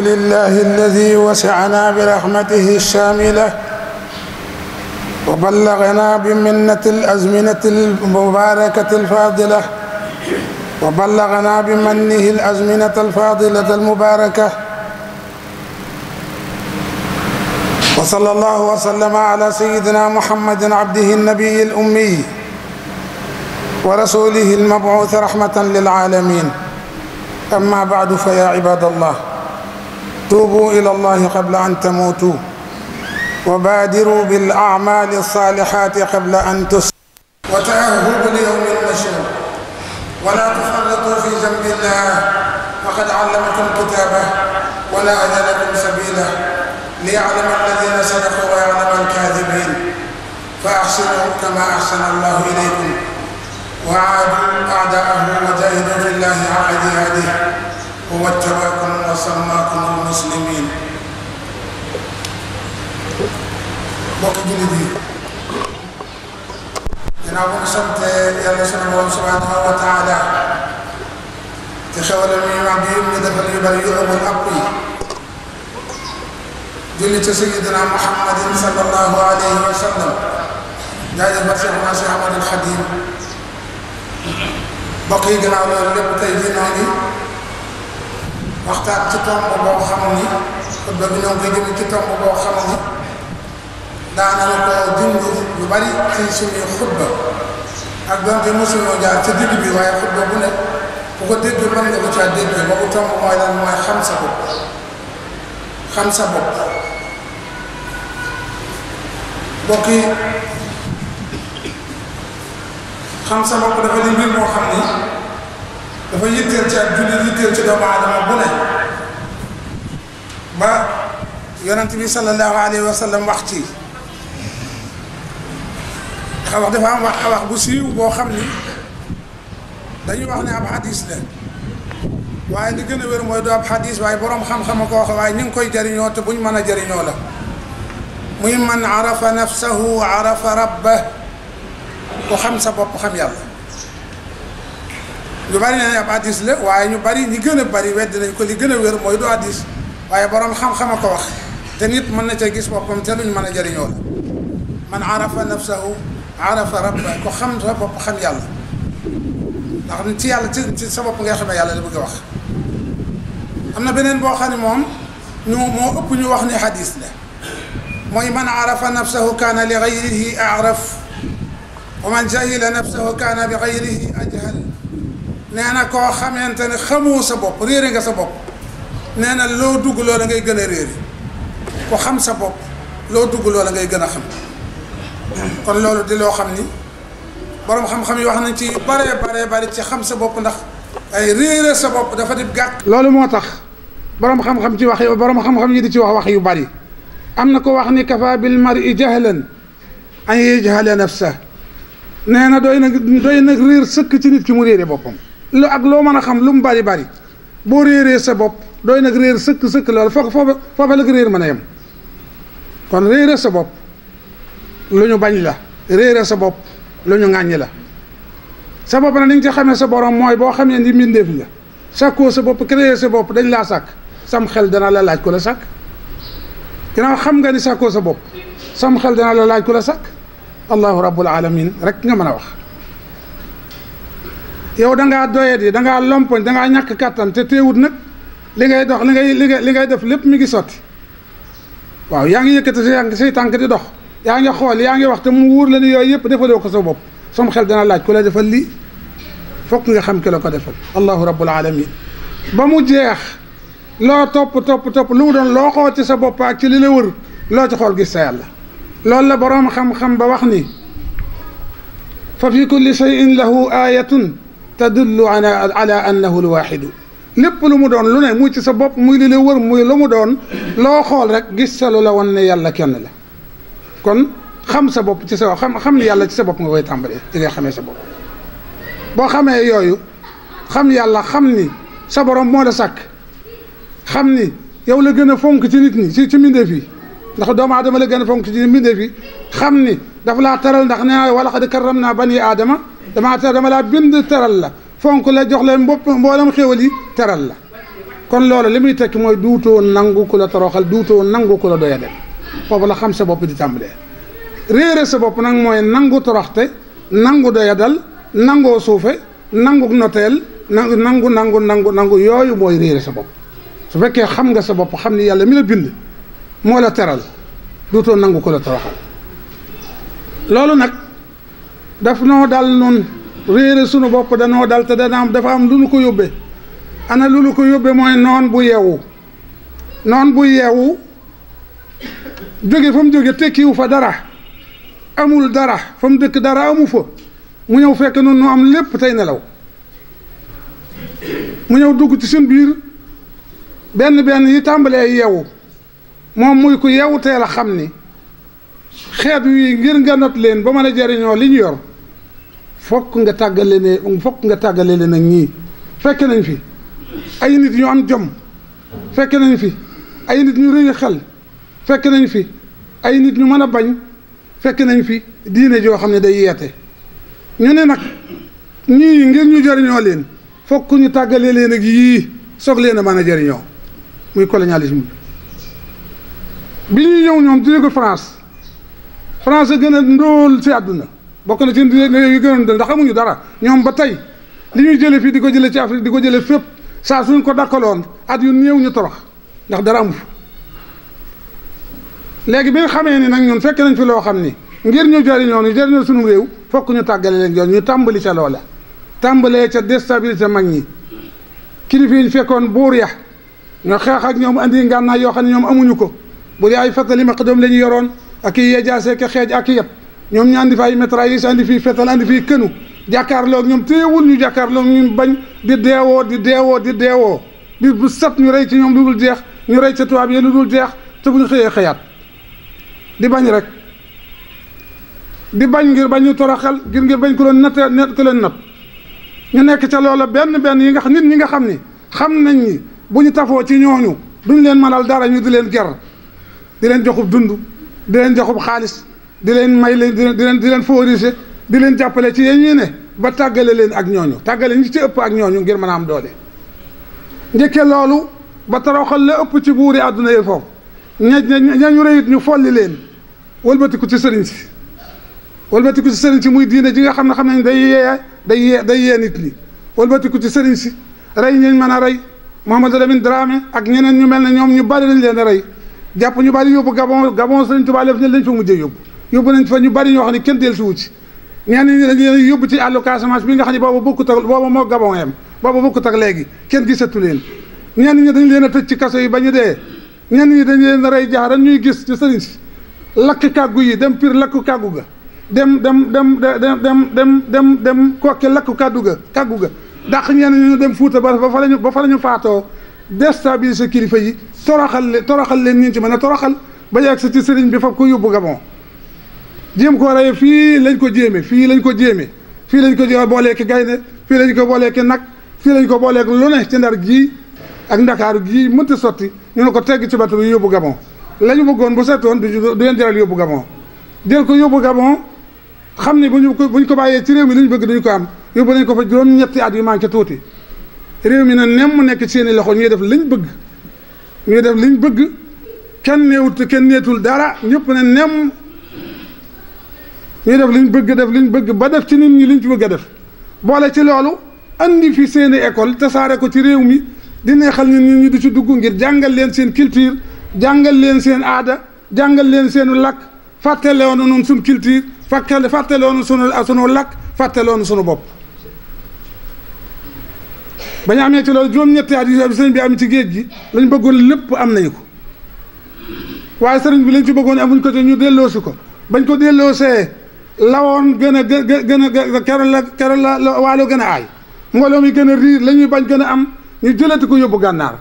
لله الذي وسعنا برحمته الشاملة وبلغنا بمنة الأزمنة المباركة الفاضلة وبلغنا بمنه الأزمنة الفاضلة المباركة وصلى الله وسلم على سيدنا محمد عبده النبي الأمي ورسوله المبعوث رحمة للعالمين أما بعد فيا عباد الله tuubu ila allahi qabla an tamuutu wa baadiru bil acmaali saalihaati qabla an tus wa taahhabu li yawmi l-mashhad wa laa tufarritu fi janbi llaah faqad allamakum kitaabahu wa laa hada lakum sabiilahu liyaclama allaziina sadaqu wa yaclama al-kaadibiin fa axsinuhum kamaa axsana allaahu ilaykum wa caaduu acdaa'ahu wa jaahiduu fi llaahi haqqa jihaadihi هو اتباكم وسماكم المسلمين mbokk jullit yi ginnaaw bu ñu sant yàlla sunu borom subhanahu wa taala te xewalam yu mag yi ñu defal yu bari yu amul àpp yi julli ci sayyidina Muhammadin sallallahu alayhi wa sallam jaajëfal Seexna Seex Ahmadul Xadim mbokk yi ginnaaw loolu lépp tey jii noonu waxtaan ci tomb boo xam ni xutba bi ñoo ngi koy jënd ci boo xam ni daanaka koo junj lu bari ci suñuy xutba ak donte mosuñoo jaar ci digg bi waaye xutba bu ne bu ko dégg mën nga ko caa dégg boobu tomb mooy mooy xam sa bopp xam sa bopp xam sa bopp dafa di mbir moo xam ni. dafa yitteel ci ak jullit yitteel ci doomu aadama bu ba yonent bi sallallahu alayhi wa sallam wax ci wax dafa am wax bu siiw boo xam ni dañuy wax ne ab xadis la waaye li gën a wér mooy du ab xadis waaye boroom xam-xama ko wax waaye ñu ngi koy jëriñoo te buñ mën a jëriñoo la muy man arafa nafsahu arafa rabbah ku xam sa bopp xam yàlla lu bari nee nañ ab hadis la waaye ñu bari ñi gën a bari wedd nañ ko li gën a wér mooy du hadis waaye borom xam-xam a ko wax te nit mën na ca gis boppam te luñ mën a jëriñoo la man arafa nafsahu arafa rabba ko xam sa bopp xam yàlla ndax ci yàlla ci ci sa bopp ngay xamee yàlla li bëgg a wax na beneen boo xam ne moom moo ëpp ñu wax ni hadis la mooy man arafa nafsahu kaana li gayrihi araf wa man jahila nafsahu kaana bi gayrihi ajhal nee na koo xamante ne xamoo sa bopp réere nga sa bopp nee na loo dugg loola ngay gën a réere ku xam sa bopp loo dugg loola ngay gën a xam kon loolu di loo xam ni boroom xam-xam yi wax nañ ci yu bare bare bari ci xam sa bopp ndax ay réere sa bopp dafa di gàkk loolu moo tax boroom xam-xam ci wax boroom xam-xam di ci wax wax yu bari am na ko wax ni kafa bil mari jahlan an yajhala nafsa nee na doy na doy na réer sëkk ci nit ki mu réere boppam lu ak loo mën a xam lu mu bari bari boo réeree sa bopp dooy nag réer sëkk sëkk loolu foo foofa foofa la ko mën a yem kon réere sa bopp lu bañ la sa bopp lu ñu ŋàññi la sa bopp na ni nga ci xamee sa borom mooy boo xamee ni mbindeef la sàkkoo sa bopp créer sa bopp dañ laa sàkk sam xel la laaj ku la sàkk ginnaaw xam nga ni sàkkoo sa bopp sam xel dana laaj ku la sàkk allahu rabbul alamin rek nga mën a wax yow da ngaa doyadi da ngaa lompoñ da ngaa ñàkk kàttan te teewut nag li ngay dox li ngay li ngay def lépp mi ngi sotti waaw yaa ngi yëkkati say say tànk di dox yaa ngi xool yaa ngi wax te mu wóor la ni yooyu yëpp defaloo ko sa bopp som xel dana laaj ku la defal lii fokk nga xam ki la ko defal allahu rabbul alamin ba mu jeex loo top topp topp lu mu doon loo xool ci sa bopp ak ci li la wër loo ci xool gis sa yàlla loolu la boroom xam-xam ba wax ni fa fi kulli shay'in lahu ayatun tadullu ala ala annahu lwaaxidu lépp lu mu doon lu ne muy ci sa bopp muy li la wër muy lu mu doon loo xool rek gis sa lu la wan ne yàlla kenn la kon xam sa bopp ci sa xam xam ne yàlla ci sa bopp nga koy tàmbalee ci ngay xamee sa bopp boo xamee yooyu xam yàlla xam ni sa borom moo la sàkk xam ni yow la gën a fonk ci nit ñi ci ci mbindeef yi ndax doomu aadama la gën a fonk ci mbindeef yi xam ni daf laa taral ndax nee naa wala xad karram naa bani aadama damaa tax dama laa bind teral la fonk la jox leen mbopp mboolem xéwal yi teral la kon loolu li muy tekki mooy duutoo nangu ko la toroxal duutoo nangu ko la doya dem foofu la xam sa bopp di tàmbalee réere sa bopp nag mooy nangu toroxte nangu doya nangoo suufe nangu noteel nangu nangu nangu nangu nangu yooyu mooy réere sa bopp su fekkee xam nga sa bopp xam ni yàlla mi la bind moo la teral duutoo nangu ko la toroxal loolu nag daf noo dal nun réere sunu bopp danoo dal te dana am dafa am lu nu ko yóbbe ana lu nu ko yóbbe mooy noon bu yeewu noon bu yeewu jóge fa mu jóge tekkiwu fa dara amul dara fa mu dëkk dara amu fa mu ñëw fekk nun nu am lépp tey nelaw mu ñëw dugg ci seen biir benn benn yi tàmbalee yeewu moom muy ku yeewu teel a xam ni xeet wi ngir nga not leen ba mën a jariñoo li ñu yor fokk nga tàggale ne fokk nga tàggale leen ak ñii fekke nañ fi ay nit ñu am jom fekke nañ fi ay nit ñu rëy xel fekk nañ fi ay nit ñu mën a bañ fekk nañ fi diine joo xam ne day yeete ñu ne nag ñii ngir ñu jëriñoo leen fokk ñu tàggale leen ak yii soog leen a mën a jëriñoo muy colonialisme bi ñuy ñëw ñoom di ko France France a gën a ndóol si àdduna bokk na ci réew yi gënoon dal ndax amuñu dara ñoom ba tey li ñuy jële fii di ko jële ci Afrique di ko jële fépp saa suñ ko dakkaloon at yu néew ñu torox ndax dara amu léegi bi nga xamee ni nag ñun fekk nañ fi loo xam ni ngir ñu jariñoo ñu jariñoo suñu réew fokk ñu tàggale leen yoon ñu tàmbali ca loola tàmbalee ca déstabilité mag ñi kilifa yi ñu fekkoon buur ya nga xeex ak ñoom andi ngànnaay yoo xam ne ñoom amuñu ko bu dee ay fattali ma xadoom la ñu yoroon ak i yejaase xeej ak i ñoom ñu andi fi ay mitrailleuse andi fii fetal andi fii kënu jàkkaarloog ñoom téewul ñu jàkkaarloog ñu bañ di deewoo di deewoo di deewoo bi bu set ñu rey ci ñoom lu dul jeex ñu rey ca tubaab yi lu dul jeex te xëyee xëyaat di bañ rek di bañ ngir bañ ñu toroxal ngir ngir bañ ko loon nattee net ko leen nat ñu nekk ca loola benn benn yi nga xam nit ñi nga xam ni xam nañ ni bu ñu tafoo ci ñooñu duñ leen mënal dara ñu di leen ger di leen joxub dund di leen joxub xaalis di leen may leen di leen di leen favoriser di leen jàppale ci yéen ñi ne ba tàggale leen ak ñooñu tàggale ñi ci ëpp ak ñooñu ngir mën a am doole njëkke loolu ba toroxal la ëpp ci buur yi àdduna yi foofu ña ñañu rëyit ñu folli leen wëlbatiku ci sëriñ si wëlbatiku ci sëriñ si muy diine ji nga xam ne xam nañ day yee day yee day yee nit ñi wëlbatiku ci sëriñ si rey ñañ mën a rey Mouhamadou Lamine Dramé ak ñeneen ñu mel ne ñoom ñu bari lañ leen a rey jàpp ñu bari yóbbu Gabon Gabon sëriñ Tuubaa lañ fi mujjee yóbbu yóbbu nañ fa ñu bari ñoo xam ne kenn dellusiwu ci ñenn ñi dañuy yóbbu ci àllu Casamance bi nga xam ne booba bokkut ak booba moo Gabon yam booba bokkut ak léegi kenn gisatu leen ñenn ñi dañ leen a tëj ci kaso yi ba ñu dee ñenn ñi dañ leen a rey jaaran ñuy gis ci sëriñ lakk kàggu yi dem pir lakk kàggu ga dem dem dem dem dem dem dem dem kokke lakk kàddu ga kàggu ga dàq ñenn ñu dem Fuuta ba fa lañu ba fa la ñu faatoo déstabiliser kilifa yi toroxal leen toroxal leen ñu ci mën a toroxal ba yegg sa ci sëriñ bi fab ko yóbbu Gabon jéem koo rey fii lañ ko jéeme fii lañ ko jéeme fii lañ ko jéeme booleeki gaynde fii lañ ko booleeki nag fii lañ ko booleek lu ne ci ndar jii ak ndakaaru jii mënta sotti ñu ne ko tegg ci bato bi yóbbu gabon la ñu bëggoon bu setoon du leen jaral yóbbu gabon jël ko yóbbu gabon xam ni bu ñu ko bu ko bàyyee ci réew mi li bëgg duñu ko am yóbbu nañ ko fa juróom ñetti at yu manqué tuuti réew mi na nem mu nekk seeni loxo ñuy def liñ bëgg ñuy def liñ bëgg kenn néewut kenn neetul dara ñëpp ne nem ñuy def liñ bëgg def liñ bëgg ba def ci nit ñi liñ ci bëgg def boole ci loolu andi fi seeni école tasaare ko ci réew mi di neexal ñun nit ñi di ci dugg ngir jàngal leen seen culture jàngal leen seen aada jàngal leen seenu làkk fàttale woon noonu suñ culture fàttale fàttale woon sunu sunu làkk fàttale woon sunu bopp bañ ñu amee ci loolu juróom-ñetti at yi bi am ci géej gi lañ bëggoon lépp am nañu ko waaye sëriñ bi lañ ci bëggoon amuñ ko te ñu delloosi ko bañ ko delloosee lawoon gën a gë gën a gë keroog la keroog la waalo gën a aay mbooloo mi gën a riir la ñuy bañ gën a am ñu jëlati ko yóbbu gànnaar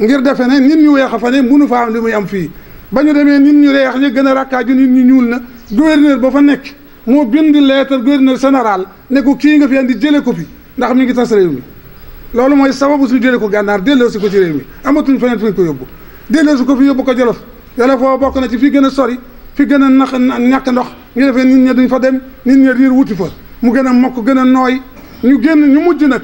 ngir defe ne nit ñu weex a fa ne mënu fa am muy am fii ba ñu demee nit ñu reex ñu gën a rakkaaju nit ñu ñuul na gouverneur ba fa nekk moo bind lettre gouverneur général ne ko kii nga fi andi jëlee ko fi ndax mi ngi tas réew mi loolu mooy sababu suñu jëlee ko gànnaar delloosi ko ci réew mi amatuñ feneen fu ñu ko yóbbu delloosi ko fi yóbbu ko jolof jolof foo bokk na ci fii gën a sori fi gën a naq ñàkk ndox ñu defee nit ña duñ fa dem nit ña riir wuti fa mu gën a mokk gën a nooy ñu génn ñu mujj nag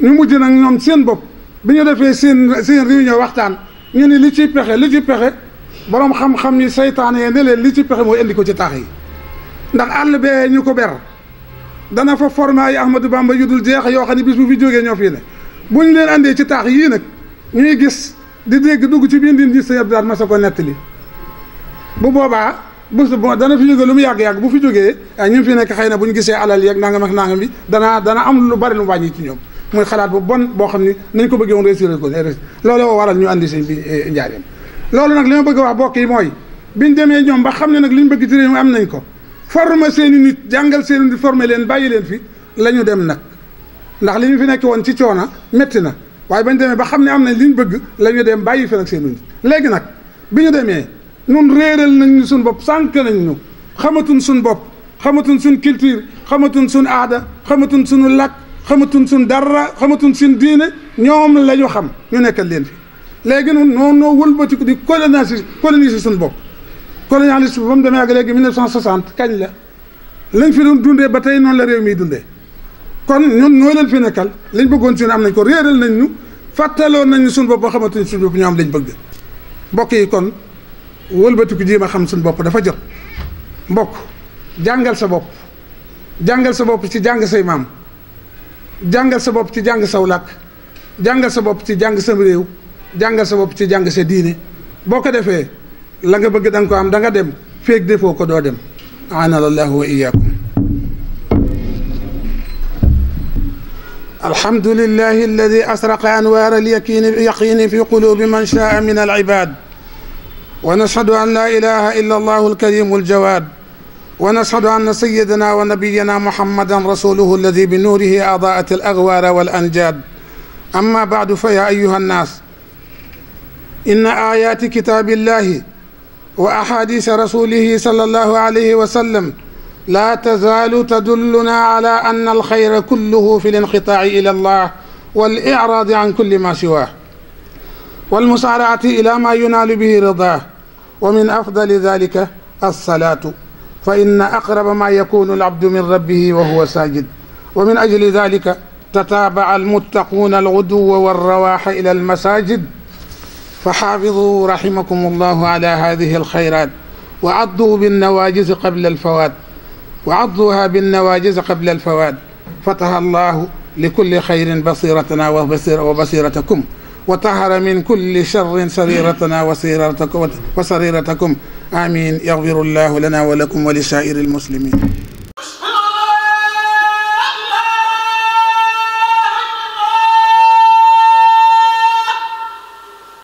ñu mujj nag ñoom seen bopp bi ñu defee seen seen ña waxtaan ñu ni li ci pexe li ci pexe borom xam-xam ñi saytaan yee ne leen li ci pexe mooy indi ko ci taax yi ndax àll bee ñu ko ber dana fa formé ay Ahmadou Bamba yu dul jeex yoo xam ne bis bu fi jógee ñoo fii ne bu ñu leen andee ci taax yii nag ñuy gis di dégg dugg ci biir nit ñi sëñ Abdou ma sa ko nettali bu boobaa bés bu dana fi jóge lu mu yàgg-yàgg bu fi jógee ah, ñu fi nekk xëy na bu ñu gisee alal yeeg nangam ak nangam bi dana dana am lu bari lu mu wàññi ci ñoom muy xalaat bu bon boo xam ni nañ ko bëggee woon réussir ko loolu waral ñu andi sëñ bi eh, loolu nag li bëgg a bokk yi mooy biñ demee ñoom ba xam ne nag liñ bëgg ci réew mi am nañ ko former seen i nit jàngal seen i nit former leen bàyyi leen fi lañu dem nag ndax li ñu fi nekk woon ci coona métti na waaye bañ demee ba xam ne am nañ li ñu bëgg la ñu dem bàyyi fi nag seen i nit léegi nag bi ñu demee nun réeral nañ ñu bopp sànq nañ ñu xamatuñ suñ bopp xamatuñ suñ culture xamatuñ suñ aada xamatuñ suñu làkk xamatuñ suñ dara xamatuñ suñ diine ñoom la ñu xam ñu nekkal leen fi léegi nun noonu noo wëlbatiku di coloniser coloniser suñ bopp colonialisme ba mu demee ak léegi 1960 kañ la lañ fi doon dundee ba tey noonu la réew mii dundee kon ñun ñoo leen fi nekkal lañ bëggoon si am nañ ko réeral nañ ñu fàttaloon nañ ñu suñ bopp ba xamatuñ suñ bopp ñoom lañ bëgg mbokk yi kon wëlbatiku jéem a xam suñu bopp dafa jot mbokk jàngal sa bopp jàngal sa bopp ci jàng say maam jàngal sa bopp ci jàng saw làkk jàngal sa bopp ci jàng sam réew jàngal sa bopp ci jàng sa diine boo ko defee la nga bëgg da nga ko am da nga dem feeg defoo ko doo dem aanal allahu wa iyaakum alhamdulillahi alladi asraqa anwaar alyaqiini yaqiini fi qulubi man shaa min al ibaad ونشهد أن لا إله إلا الله الكريم الجواد ونشهد أن سيدنا ونبينا محمدا رسوله الذي بنوره أضاءت الأغوار والأنجاد أما بعد فيا أيها الناس إن آيات كتاب الله وأحاديث رسوله صلى الله عليه وسلم لا تزال تدلنا على أن الخير كله في الانقطاع إلى الله والإعراض عن كل ما سواه والمسارعة إلى ما ينال به رضاه ومن أفضل ذلك الصلاة فإن أقرب ما يكون العبد من ربه وهو ساجد ومن أجل ذلك تتابع المتقون الغدو والرواح إلى المساجد فحافظوا رحمكم الله على هذه الخيرات وعضوا بالنواجز قبل الفوات وعضوها بالنواجز قبل الفوات فتح الله لكل خير بصيرتنا وبصير وبصيرتكم wa tahara min kulli charrin sariratana wa sariratako wa sariratakum amin yaxfiru llahu lana wa lakum wa li saa'iri almuslimin